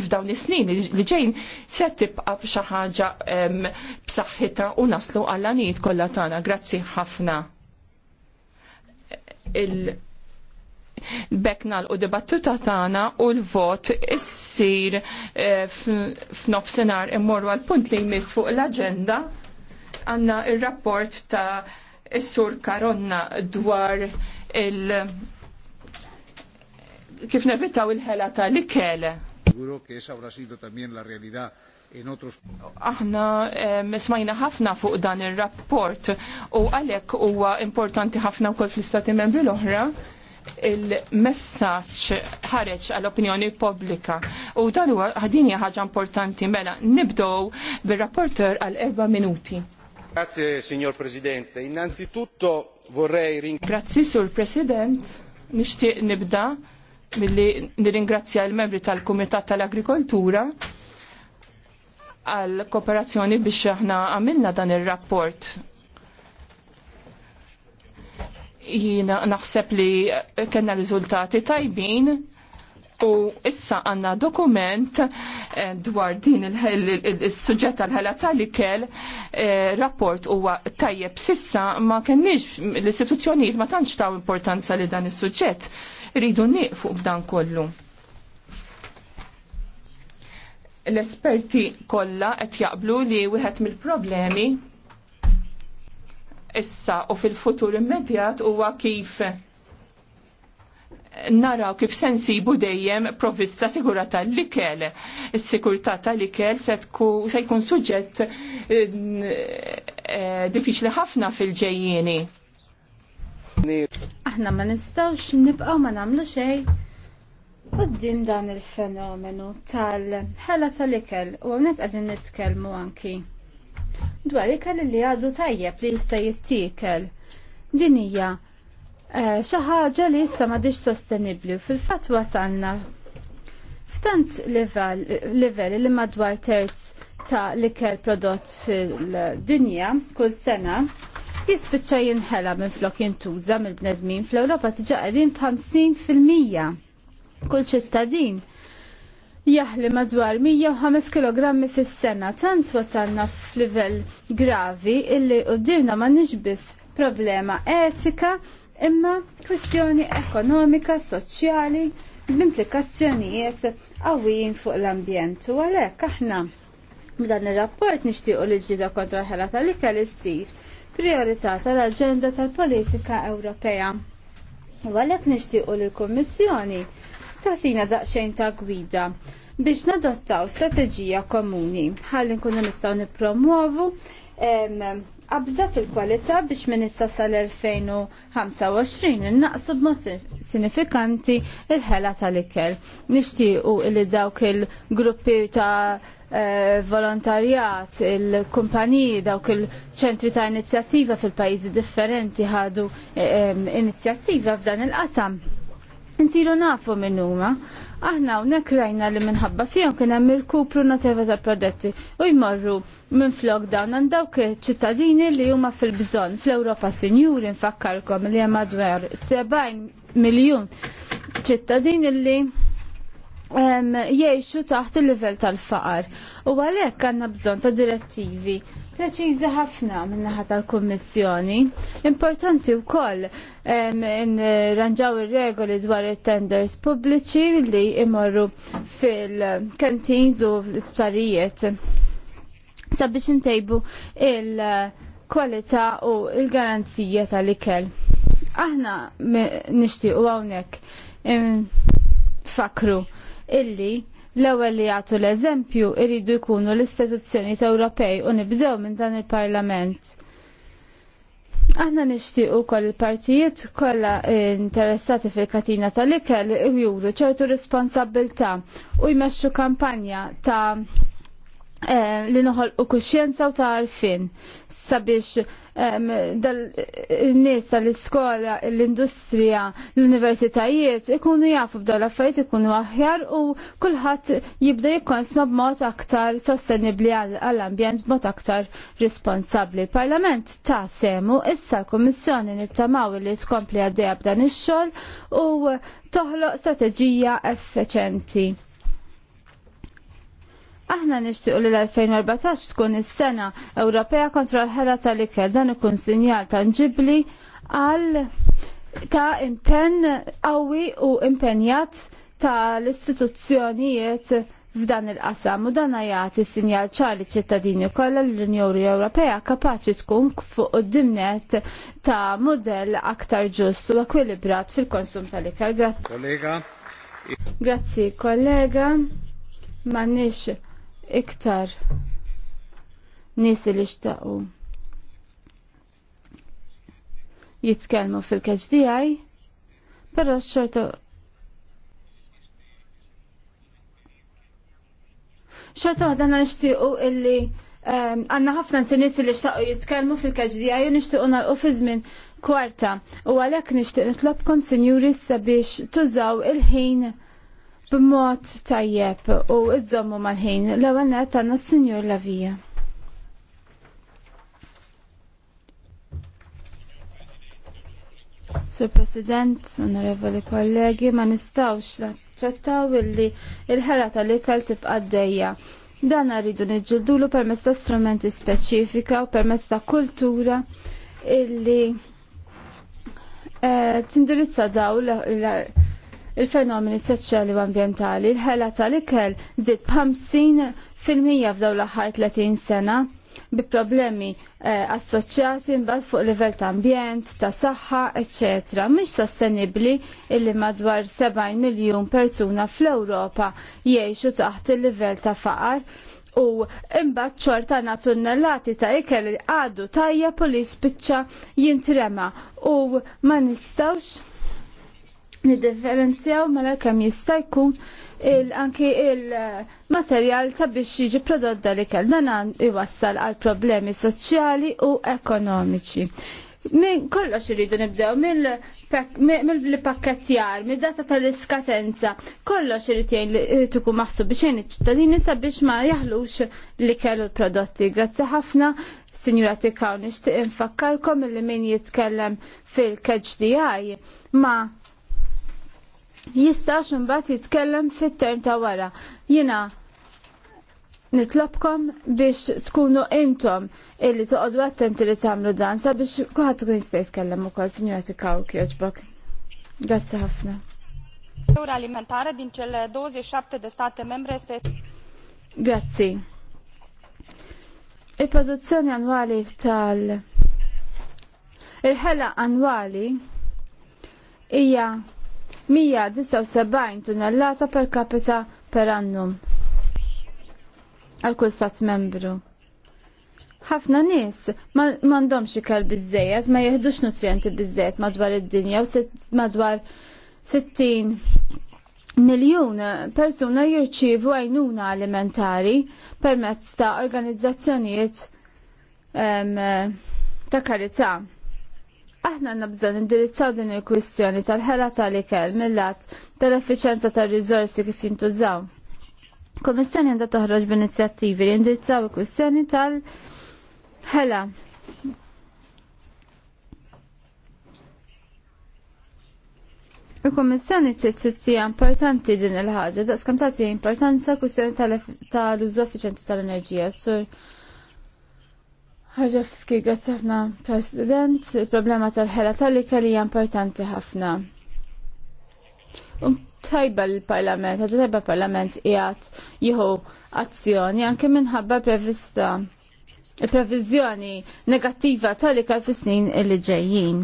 f'dawn is-snin li ġejn se tibqa' b'xi ħaġa b'saħħitha u naslu għal anijiet kollha tagħna. Grazzi ħafna. Il beknal u dibattuta tagħna u l-vot issir eh, f'nofsinhar immorru għal punt li jmiss fuq l-aġenda għandna ir-rapport ta' is-sur Karonna dwar il- kif nevitaw il-ħela tal-ikele seguro que esa habrá sido también la realidad in otros. Aħna eh, mismajna ħafna fuq dan ir-rapport u għalhekk huwa importanti ħafna wkoll fl-istati membri l-oħra il messaġġ ħareġ għall-opinjoni pubblika. U dan huwa ħadini ħaġa importanti mela nibdow bir-rapporter għal erba' minuti. Grazie, signor Presidente. Innanzitutto vorrei ringraziare. Grazie, sur President. Nixtieq nibda milli nirringrazzja l-membri tal-Kumitat tal-Agrikoltura għal kooperazzjoni biex aħna għamilna dan ir-rapport. Jina naħseb li kena riżultati tajbin u issa għanna dokument eh, dwar din il-sujġet tal ħala tal-ikel eh, rapport huwa tajjeb sissa ma kenniġ l-istituzzjonijiet ma tantx taw importanza li dan is-suġġett Rridu nieqfu b'dan kollu. L-esperti kollha qed jaqblu li wieħed mill-problemi issa u fil-futur immedjat huwa kif naraw kif sensibu dejjem provvista sigura tal-likel. Is-sigurtà tal-likel se jkun suġġett eh, eh, diffiċli ħafna fil-ġejjieni Aħna ma nistawx nibqaw ma namlu xej qoddim dan il-fenomenu tal-ħela tal-ikel u għonek għadin nitkelmu anki. Dwar ikel li għadu tajjeb li jista' jittikel. Din hija eh, xi ħaġa li issa m'għadix sostenibbli fil-fatt wasanna. f'tant level li madwar terz ta' l-ikel prodott fil-dinja kull sena jispiċċa jinħela minn flok jintuża mill-bnedmin fl-Ewropa tiġa qegħdin f'50% kull ċittadin jaħli madwar 105 kg fis-sena tant wasalna f'livell gravi illi qudiemna ma biss problema etika imma kwestjoni ekonomika, soċjali b'implikazzjonijiet qawwijin fuq l-ambjent u għalhekk aħna b'dan ir-rapport nixtiequ li ġida kontra ħela tal-ikel issir priorità tal-aġenda tal-politika Ewropea. U għalhekk nixtiequ l-Kummissjoni sina daqsxejn ta' gwida biex nadottaw strateġija komuni ħalli nkunu nistgħu nippromuovu qabża fil-kwalità biex minn issa sal-2025 innaqsu b'mod sinifikanti il-ħela tal-ikel. Nixtiequ li dawk il-gruppi ta' Eh, volontarjat, il-kumpaniji, dawk il-ċentri ta' inizjattiva fil-pajjiżi differenti ħadu eh, inizjattiva f'dan il-qasam. Nsiru nafu minnuma, huma. Aħna hawnhekk rajna li minħabba fihom kien hemm il ta' nateva tal-prodetti u jmorru minn flok dawn għand ċittadini li huma fil-bżonn fl-Ewropa Sinjuri nfakkarkom li hemm madwar 70 miljun ċittadini li jiexu taħt il-level tal-faqar. U għalek għanna bżon ta' direttivi preċiżi ħafna minnaħat tal-Kommissjoni. Importanti wkoll nranġaw ir-regoli dwar it-tenders pubbliċi li imorru fil-kantins u l-isptarijiet sabiex intejbu il-kwalità u il-garanzija tal-ikel. Aħna nixtiequ hawnhekk fakru illi l-ewwel li jagħtu l-eżempju iridu jkunu l-istituzzjonijiet Ewropej u nibżew minn dan il-Parlament. Aħna nixtiequ wkoll il-partijiet kollha interessati fil-katina tal-ikel juru ċertu responsabilità u jmexxu kampanja ta' Eh, li noħol u kuxjenza u tarfin sabiex dal-nies tal-iskola, l-industrija, l-universitajiet ikunu jafu l affarijiet ikunu aħjar u kulħadd jibda jikkonsma b'mod aktar sostenibbli għall-ambjent b'mod aktar responsabbli. Parlament ta' semu issa l-Kummissjoni nittamaw li tkompli għaddejja b'dan ix-xogħol u toħloq strateġija effiċenti. Aħna nixtiequ li l-2014 tkun is-sena Ewropea kontra l-ħela tal-ikel dan ikun sinjal tangibli għal ta' impenn qawwi u impenjat tal istituzzjonijiet f'dan il-qasam u dan jagħti sinjal ċarli ċittadini kollha l-Unjoni Ewropea kapaċi tkun fuq id-dimnet ta' modell aktar ġust u ekwilibrat fil-konsum tal-ikel. Grazzi. Kollega. Grazzi kollega. M'għandniex iktar nies li xtaqu jitkellmu fil-KHDI, però xorta xorta għadana xtiqu illi ehm, għanna ħafna n-sinis li xtaqu jitkellmu fil-KHDI u nixtiequ nalqu fi żmien kwarta u għalhekk nixtieq nitlobkom senjuris, sabiex tużaw il-ħin b'mod tajjeb u iżommu mal-ħin l-ewwel net s-Sinjur Lavija. Sur President, onorevoli kollegi, ma nistawx naċċettaw illi il-ħela tal-ikel tibqa' dejja. Dan rridu niġġildulu permezz ta' strumenti speċifika u permezz ta' kultura illi eh, tindirizza daw l il-fenomeni soċjali u ambjentali, il-ħela tal-ikel zid mija f'dawn l-aħħar 30 sena bi problemi eh, assoċjati mbagħad fuq livell ta' ambjent, ta' saħħa, etc. Mhix sostenibbli illi madwar 70 miljun persuna fl-Ewropa jgħixu taħt il-livell ta' faqar u imbagħad ċorta na tunnellati ta' ikel għadu tajja polis spiċċa jintrema u ma nistawx nidifferenzjaw mela kemm jista' jkun anki il-materjal ta' biex jiġi prodotta li kell dan iwassal għal problemi soċjali u ekonomiċi. Min kollox irridu nibdew mill pakkettjar mid-data tal-iskatenza, kollox irrid li ikun maħsub biex jgħin iċ-ċittadini sabiex ma jaħlux li kellu l-prodotti. Grazzi ħafna, Sinjura Tikaw, nixtieq infakkarkom li min jitkellem fil-KHDI ma' jistax mbagħad jitkellem fit-term ta' wara. Jiena nitlobkom biex tkunu intom illi toqgħodu attenti li tagħmlu dan sabiex kulħadd tkun jista' jitkellem ukoll, Sinjura Tikaw kjoġbok. Grazzi ħafna. Ura alimentare din cele 27 de state membre este Grazzi. Il-produzzjoni annwali tal il-ħela annwali hija 179 tunnellata per capita per annum għal kull stat membru. Ħafna nies m'għandhomx ikel biżejjed, ma jeħdux nutrienti biżejjed madwar id-dinja u madwar 60 miljun persuna jirċivu għajnuna alimentari permezz ta' organizzazzjonijiet ta' karità. Aħna għanna indirizzaw din il-kwistjoni tal-ħela tal-ikel mill-lat tal-effiċenza tal-rizorsi kif jintużaw. Komissjoni għandha toħroġ b'inizjattivi li indirizzaw il-kwistjoni tal-ħela. il komissjoni t importanti din il-ħagġa, da' tagħti importanza kwistjoni tal-użu effiċenti tal-enerġija. Sur, Ħarġafski, grazzi ħafna, President. Il-problema tal-ħela tal li hija importanti ħafna. Um, tajba l-Parlament, ħaġa tajba l-Parlament qiegħed jieħu azzjoni anke minħabba prevista il-previżjoni negattiva tal lika fis-snin li ġejjin.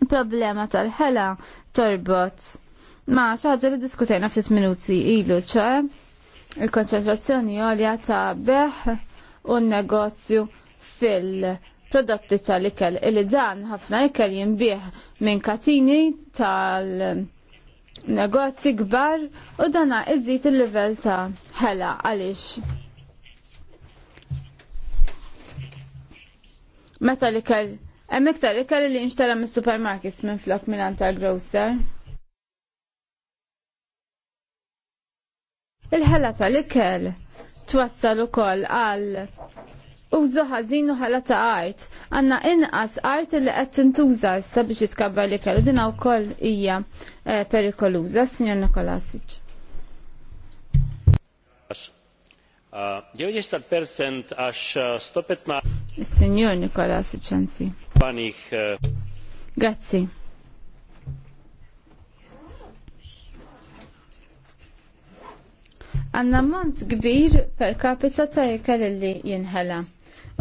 Il-problema tal-ħela torbot ma' xi ħaġa li diskutejna ftit minuti ilu ċe il-konċentrazzjoni għolja ta' beħ u n-negozju fil-prodotti tal-ikel. Illi dan ħafna ikel jimbieħ minn katini tal- negozji kbar u dana iżid il-level ta' ħela għaliex. Meta li kell hemm iktar ikel li nxtara mis-supermarkets minn flok minn ta' grocer. Il-ħela tal-ikel twassal ukoll għal użu ħażin u ħala ta' art. Għanna inqas art li qed tintuża sabiex jitkabbar li kellu din wkoll hija eh, perikoluża, signor Nikolasic. Dziewięćdziesiąt persent għax eh, stopet ma. Signor Nikolasic, anzi. Panich. Eh. Grazie. Għanna mont kbir per kapita ta' ikel li jinħela.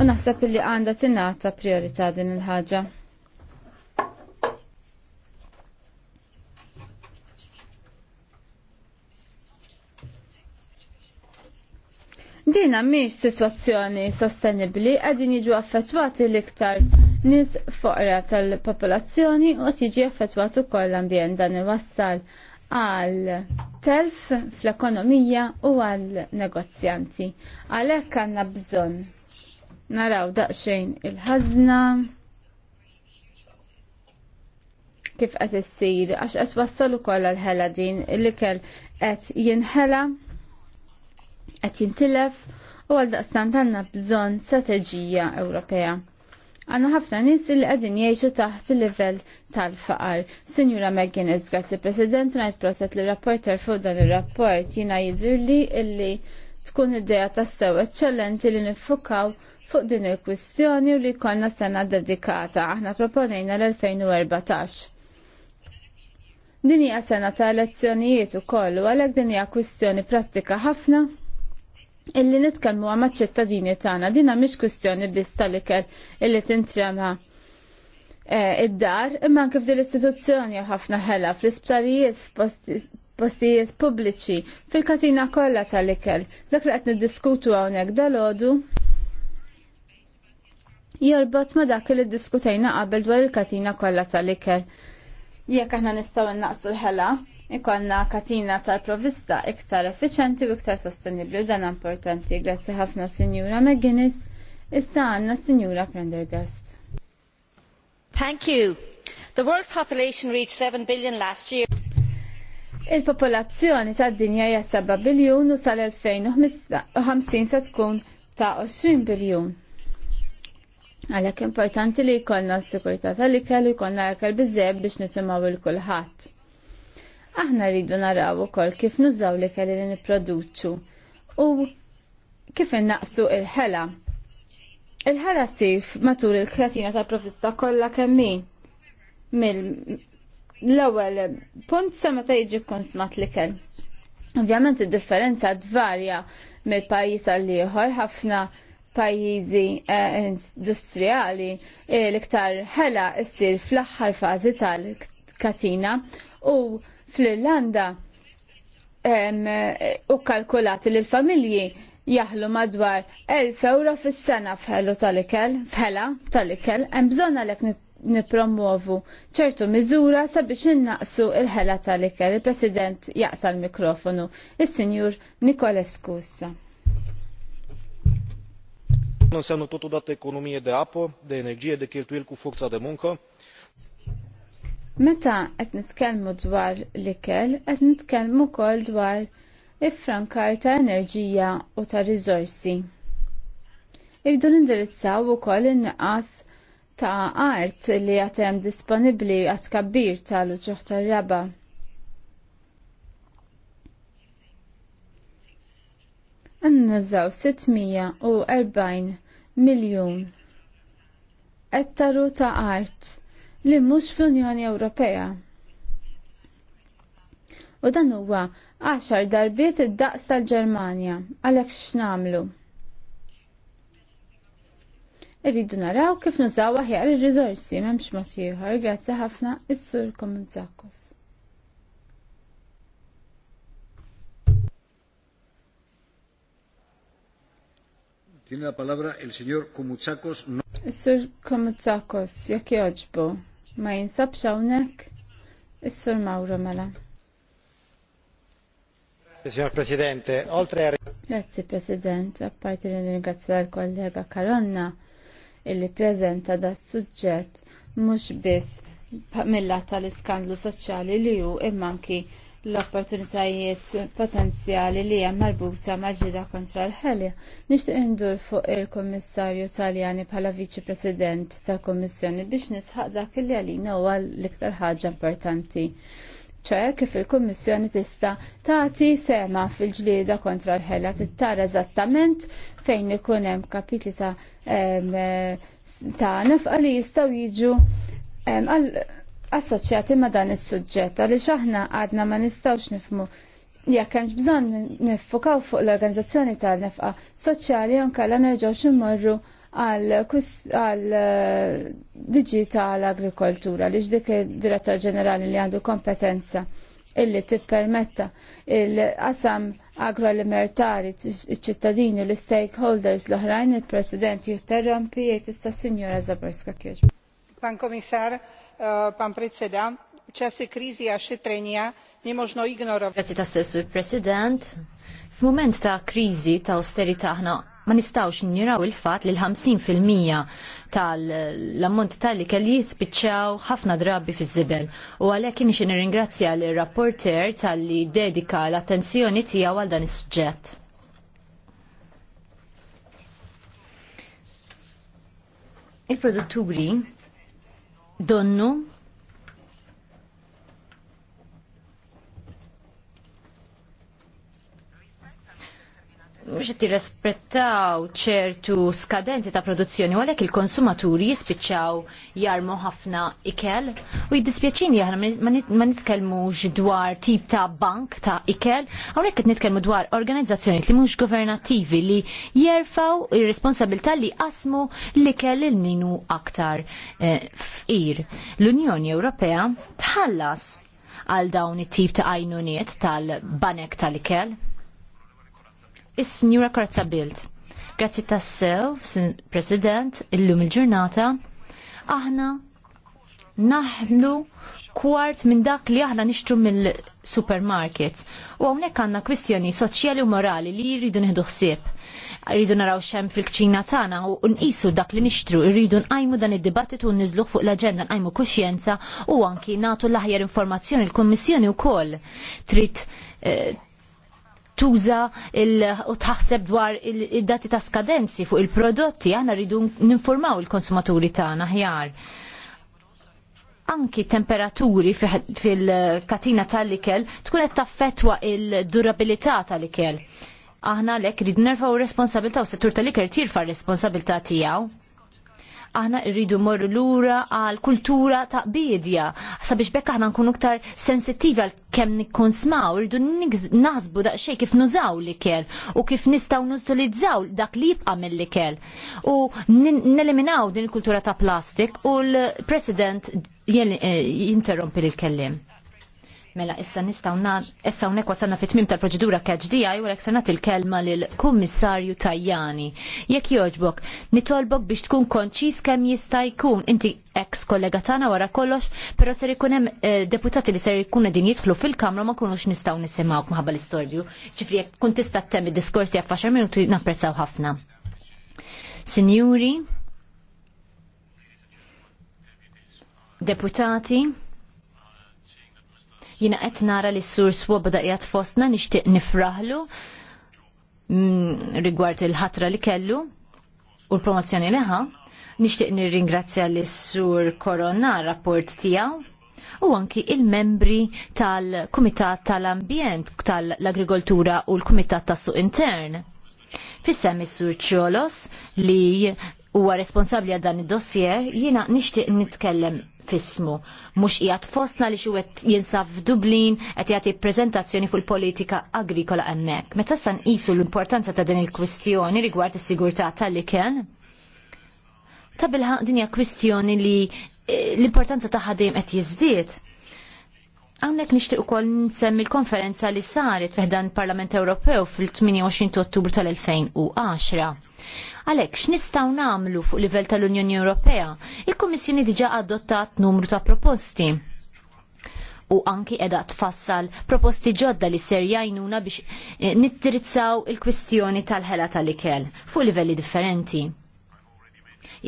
U naħseb li għanda tinata priorita din il-ħagġa. Dina miex situazzjoni sostenibli għadin jiġu affettwati l-iktar nis foqra tal-popolazzjoni u tiġi jiġi u koll l-ambjent dan iwassal għal telf fl-ekonomija u għal negozjanti. Għalhekk għandna bżonn naraw daqsxejn il ħazna kif qed issir għax qed wassal ukoll għall ħela din l-ikel qed jinħela qed jintilef u għal daqstant għandna bżonn strateġija Ewropea. Għanna ħafna nis li għedin jiexu taħt il-level tal-faqar. Sinjura McGuinness, grazzi President, unajt proset li rapporter fuq dan il-rapport jina jidur li illi tkun id-deja tassew eccellenti li nifukaw fuq din il-kwistjoni u li konna sena dedikata. Aħna proponejna l-2014. Din hija sena ta' elezzjonijiet ukoll u għalhekk din hija kwistjoni prattika ħafna illi nitkellmu għama ċittadini tagħna dina mhix kwistjoni biss tal-ikel illi tintrema eh, id-dar imma anke f'din l-istituzzjoni ħafna ħela fl-isptarijiet f'postijiet pubbliċi fil-katina kollha tal-ikel dak li qed niddiskutu hawnhekk dalodu jorbot ma dak li ddiskutejna qabel dwar il-katina kollha tal-ikel. Jekk aħna nistgħu innaqsu l-ħela, ikonna katina tal-provista iktar effiċenti u iktar sostenibli u dan importanti. Grazzi ħafna Sinjura McGuinness, issa għanna Sinjura Prendergast. Thank you. The world population reached 7 billion last year. Il-popolazzjoni tad dinja hija 7 biljun u sal-2050 se tkun ta' 20 biljun. Għalhekk importanti li jkollna s-sikurità tal-ikel u jkollna ekel biżżejjed biex nisimgħu il kulħadd aħna rridu naraw ukoll kif nużaw li kelli li nipproduċu u kif innaqsu il-ħela. Il-ħela sif matul il-kratina ta' profista kollha kemm mill l-ewwel punt sa meta jiġi konsmat li kell. Ovvjament id-differenza tvarja mill-pajjiż għal ieħor ħafna pajjiżi eh, industrijali eh, l-iktar ħela issir fl-aħħar fażi tal-katina u Fl-Irlanda u kalkulati li l-familji jahlu madwar 1000 euro fis-sena f'ħelu tal-ikel, f'ħela tal-ikel, hemm bżonn għalhekk nipromuovu ċertu miżura sabiex innaqsu il-ħela tal-ikel. Il-President jaqsa l-mikrofonu, il-Sinjur Nikolescu. tutto totodată economie de apo, de energie, de kirtuil cu forza de muncă, Meta qed nitkellmu dwar l-ikel, qed nitkellmu wkoll dwar il-frankar ta' enerġija u ta' riżorsi. Irridu nindirizzaw ukoll in-nuqqas ta' art li għatem disponibbli għat kabbir tal-uġuħ tar-raba. Annażaw 640 miljon ettaru ta' art li mhux fl-Unjoni Ewropea. U dan huwa għaxar darbiet id-daqs tal-Ġermanja, għalhekk x'namlu. Irridu naraw kif nużaw aħjar ir-riżorsi m'hemmx mod ieħor, grazzi ħafna is-Sur Tiene la palabra el señor Komutsakos. No... Sir Komutsakos, jekk joġbu ma jinsabx hawnhekk is-Sur Mauro mela. Signor Presidente, oltre a... Grazie President, apparti li ringrazzja l-kollega Karonna li presenta da suġġett mhux biss mill-lat tal-iskandlu soċjali li hu imma anki l-opportunitajiet potenzjali li hemm marbuta ma' ġida kontra l-ħelja. Nixtieq indur fuq il-Kummissarju Taljani bħala Viċi President tal-Kummissjoni biex nisħaq dak li għalina huwa l-iktar ħaġa importanti. ċe kif il-Kummissjoni tista' tagħti sema fil-ġlieda kontra l ħelja tittara eżattament fejn ikun hemm kapitli ta' eh, ta' nefqa li jistgħu jiġu assoċjati ma' dan is-suġġett għaliex aħna għadna ma nistgħux nifmu jekk hemmx bżonn niffukaw fuq l-organizzazzjoni tal-nefqa soċjali anke kellha nerġgħux immorru għal eh, digital agrikoltura li dik il-direttor ġenerali li għandu kompetenza illi tippermetta il-qasam agroalimentari ċittadini l-stakeholders l-oħrajn il-president jitterrompi jgħid tista' Sinjora Zaborska kieġbu pán komisár e, pán predseda v čase krízy a šetrenia nemožno ignorovať. Grazie ta' sessu president. F'mument ta' kriżi ta' austerità aħna ma nistawx niraw il-fat li l-50% tal-ammont tal-ikel jitspiċċaw ħafna drabi fi żibel U għalhekk inixi nirringrazzja l rapporter tal-li dedika l-attenzjoni tiegħu għal dan is-suġġett. Il-produtturi donnu Biex qed jirrespettaw ċertu skadenzi ta' produzzjoni għalhekk il-konsumaturi jispiċċaw jarmu ħafna ikel u jiddispieċini aħna ma nitkellmux dwar tip ta' bank ta' ikel, għalek qed nitkellmu dwar organizzazzjoni li mhux governattivi li jerfaw ir-responsabilità li qasmu l-ikel il minu aktar eh, fqir. L-Unjoni Ewropea tħallas għal dawn it-tip ta' għajnuniet tal-banek tal-ikel is-Sinjura Karza Bilt. Grazzi tassew, President, illum il-ġurnata, aħna naħlu kwart minn dak li aħna nixtru mill-supermarket. U hawnhekk għandna kwistjoni soċjali u morali li jridu nieħdu ħsieb. Rridu naraw xem fil-kċina tagħna u nqisu dak li nixtru, rridu nqajmu dan id-dibattitu u nizluħ fuq l-aġenda nqajmu kuxjenza u anki nagħtu l-aħjar informazzjoni l-Kummissjoni wkoll trid eh, tuża u taħseb dwar id-dati ta' skadenzi fuq il-prodotti, aħna rridu ninformaw il-konsumaturi tagħna ħjar. Anki temperaturi fil-katina tal-ikel tkun qed taffetwa il-durabilità tal-ikel. Aħna lek rridu nerfaw responsabilta u settur tal-ikel tirfa responsabilta tiegħu aħna rridu morru lura għal kultura ta' bidja. Sabiex bekk aħna nkunu iktar sensittivi għal kemm nikun smaw, rridu naħsbu daqsxejn kif nużaw l-ikel u kif nistgħu nustilizzaw dak li jibqa' mill-ikel. U neliminaw din il-kultura ta' plastik u l-President eh, jinterrompi l-kellim. Mela, issa nistaw nar, issa unek wasanna fit-tmim tal-proċedura KHDI u l sanat il-kelma l-Kummissarju Tajjani. Jekk joġbok, nitolbok biex tkun konċis kemm jista' jkun. Inti ex kollega tagħna wara kollox, però ser ikun hemm eh, deputati li ser jkunu din jitħlu fil-Kamra ma kunux nistgħu nisimgħu maħabba l istorbju Ċifri jekk kun tista' temmi diskors tiegħek faxar minuti napprezzaw ħafna. Sinjuri, deputati, Jina qed nara li s-sur Swobda qiegħed fostna nixtieq nifraħlu mm, rigward il-ħatra li kellu u l-promozzjoni liħa. Nixtieq nirringrazzja s sur Korona rapport tiegħu u anki il-membri tal-Kumitat tal-Ambjent tal-Agrikoltura u l-Kumitat tas-Suq Intern. Fissem is-Sur Ċolos li huwa responsabbli għal dan id-dossier, jiena nixtieq nitkellem fismu. Mux jgħat fosna li għet jinsaf f'Dublin għet jgħati prezentazzjoni fuq il-politika agrikola għannek. Meta san jisu l-importanza ta' din il-kwistjoni rigward is-sigurtà tal ken? Ta' bilħa dinja kwistjoni li eh, l-importanza ta' ħadim qed jiżdied Għamnek nishtiq u koll nsemmi l-konferenza li saret fiħdan Parlament Ewropew fil-28 ottubru tal-2010. Għalek, x'nistgħu namlu fuq livell tal-Unjoni Ewropea? Il-Kummissjoni diġa adottat numru ta' proposti u anki edha tfassal proposti ġodda li ser jajnuna biex eh, nittirizzaw il-kwistjoni tal-ħela tal-ikel fuq livelli differenti.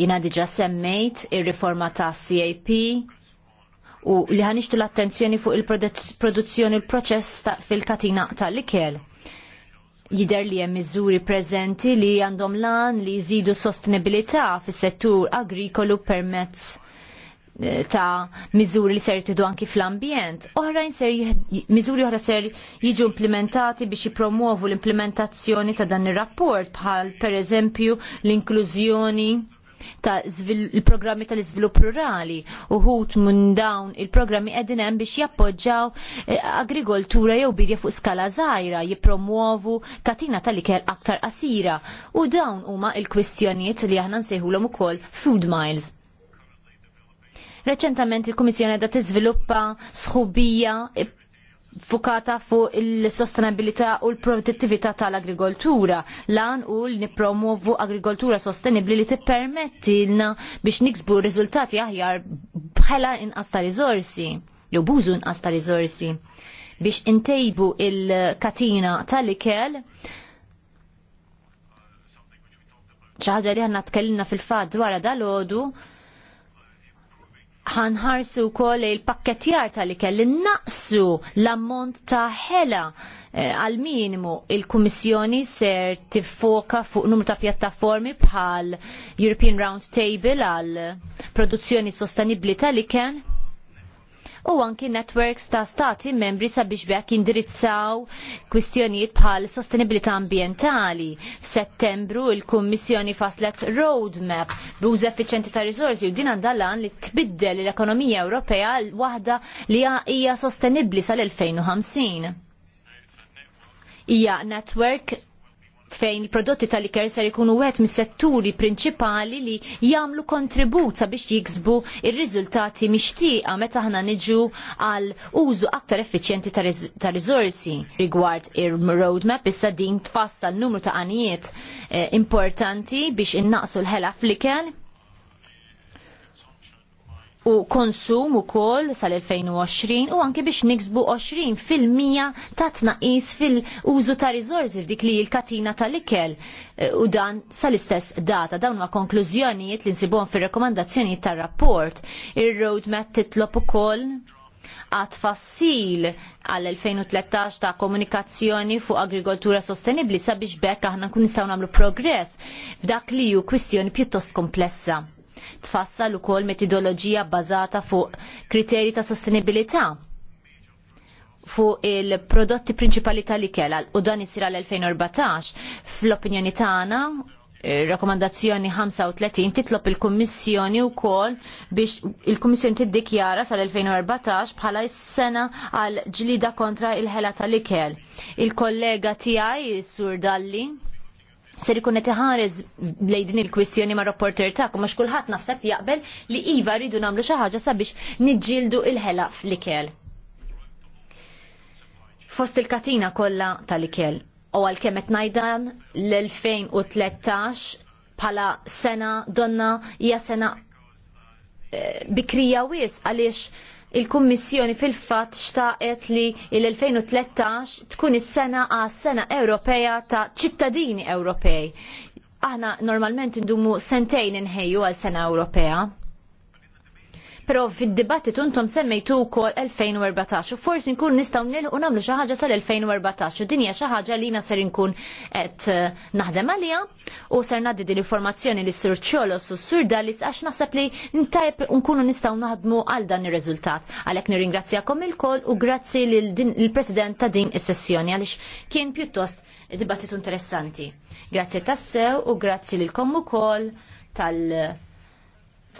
Jina diġa semmejt ir-riforma ta' CAP, u li ħanixtu l-attenzjoni fuq il-produzzjoni l-proċess fil-katina tal-ikel. Jider li hemm miżuri preżenti li għandhom lan li jżidu sostenibilità fis-settur agrikolu permezz eh, ta' miżuri li ser jtidu anki fl-ambjent. Oħrajn ser miżuri oħra ser jiġu implementati biex jipromuovu l-implementazzjoni ta' dan ir-rapport bħal pereżempju l-inklużjoni ta' il-programmi tal-iżvilupp rurali uħut minn dawn il-programmi qegħdin hemm biex jappoġġaw eh, agrikoltura jew bidja fuq skala żgħira jippromuovu katina tal-ikel aktar qasira u dawn huma il-kwistjonijiet li aħna nsejħulhom ukoll food miles. Reċentament il-Kummissjoni da tiżviluppa sħubija eh, fukata fuq il-sostenabilità u l-produttività tal-agrikoltura. Lan u l-nipromovu agrikoltura sostenibli li tippermettilna biex niksbu riżultati aħjar bħala inqas ta' rizorsi, jew bużu inqas ta' rizorsi, biex intejbu il-katina tal-ikel ċaħġa li ħanna tkellimna fil fad dwar dal-ħodu ħanħarsu kol il-pakketjar tal-ikel li naqsu l-ammont ta' ħela eh, għal minimu il-Kummissjoni ser tiffoka fuq numru ta' pjattaformi bħal European Round Table għal produzzjoni sostenibli tal-ikel u anki networks ta' stati membri sabiex bekk indirizzaw kwistjonijiet bħal sostenibilità ambjentali. F'Settembru il-Kummissjoni faslet roadmap b'uż effiċenti ta' rizorsi u din għandalan li tbiddel l-ekonomija Ewropea waħda li hija sostenibbli sal-2050 hija network fejn il-prodotti tal-iker ser ikunu wet mis-setturi prinċipali li jagħmlu kontribut sabiex jiksbu il riżultati mixtieqa meta aħna niġu għal użu aktar effiċjenti ta' rizorsi rigward ir-roadmap issa din tfassal numru ta' għanijiet eh, importanti biex innaqsu l-ħela fl-ikel u konsum ukoll sal-2020 u anke biex niksbu 20% fil-mija ta' tnaqis fil-użu ta' rizorzi f'dik li l-katina tal-ikel e, u dan sal-istess data. Dawn ma' konklużjonijiet li nsibhom fir-rekomandazzjoni tar-rapport. Ir-roadmap titlob ukoll għat fassil għal-2013 ta' komunikazzjoni fuq agrikoltura sostenibli sabiex bekk aħna nkun nistaw nagħmlu progress f'dak li hu kwistjoni pjuttost komplessa tfassal ukoll metodoloġija bbażata fuq kriterji ta' sostenibilità fuq il-prodotti prinċipali tal-ikel u dan isir għal 2014 fl-opinjoni tagħna eh, rakomandazzjoni 35 titlob il-Kummissjoni wkoll biex il-Kummissjoni tiddikjara sal-2014 bħala s-sena għal ġlida kontra il-ħela tal-ikel. Il-kollega tiegħi Sur Dalli ser ikun qed iħares lejn din il-kwistjoni ma' rapporter tagħkom għax kulħadd naħseb jaqbel li iva rridu nagħmlu xi ħaġa sabiex niġġieldu il-ħela fl-ikel. Fost il-katina kollha tal-ikel u għalkemm qed ngħidan l-2013 bħala sena donna hija sena eh, bikrija wis għaliex il-Kummissjoni fil-fatt xtaqet li il-2013 tkun is-sena għas sena Ewropea ta' ċittadini Ewropej. Aħna normalment indumu sentejn inħejju għal sena Ewropea. Pero fid-dibattitu intom semmejtu wkoll 2014 u forsi nkun nistgħu nilħu nagħmlu xi ħaġa sal-2014 u din hija xi ħaġa li jiena ser inkun qed eh, naħdem għalija u ser naddi din l-informazzjoni li sur ċolos u sur dalis għax naħseb li ntajb nkunu nistgħu naħdmu għal dan ir-riżultat. Għalhekk nirringrazzjakom il-kol u grazzi lill-President ta' din is-sessjoni għaliex kien pjuttost dibattitu interessanti. Grazzi tassew u grazzi lilkom ukoll tal-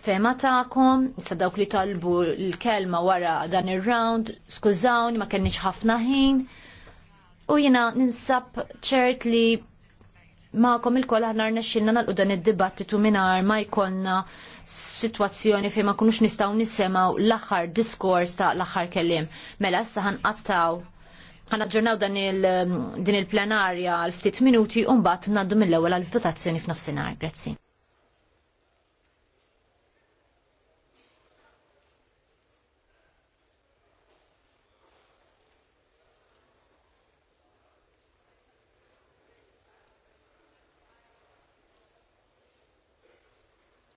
fema ta'kom, issa dawk li talbu l-kelma wara dan ir-round, skużawni ma kenniċ ħafna ħin. U jina ninsab ċert li ma'kom il-koll ħana rnexxilna nalqu dan id-dibattitu mingħajr ma jkollna situazzjoni fejn ma kunux nistgħu u l-aħħar diskors ta' l-aħħar kelliem. Mela issa ħanqattaw ħanaġġornaw dan il-din il-plenarja għal ftit minuti u mbagħad ngħaddu mill-ewwel għal votazzjoni f'nofsinhar. Grazzi.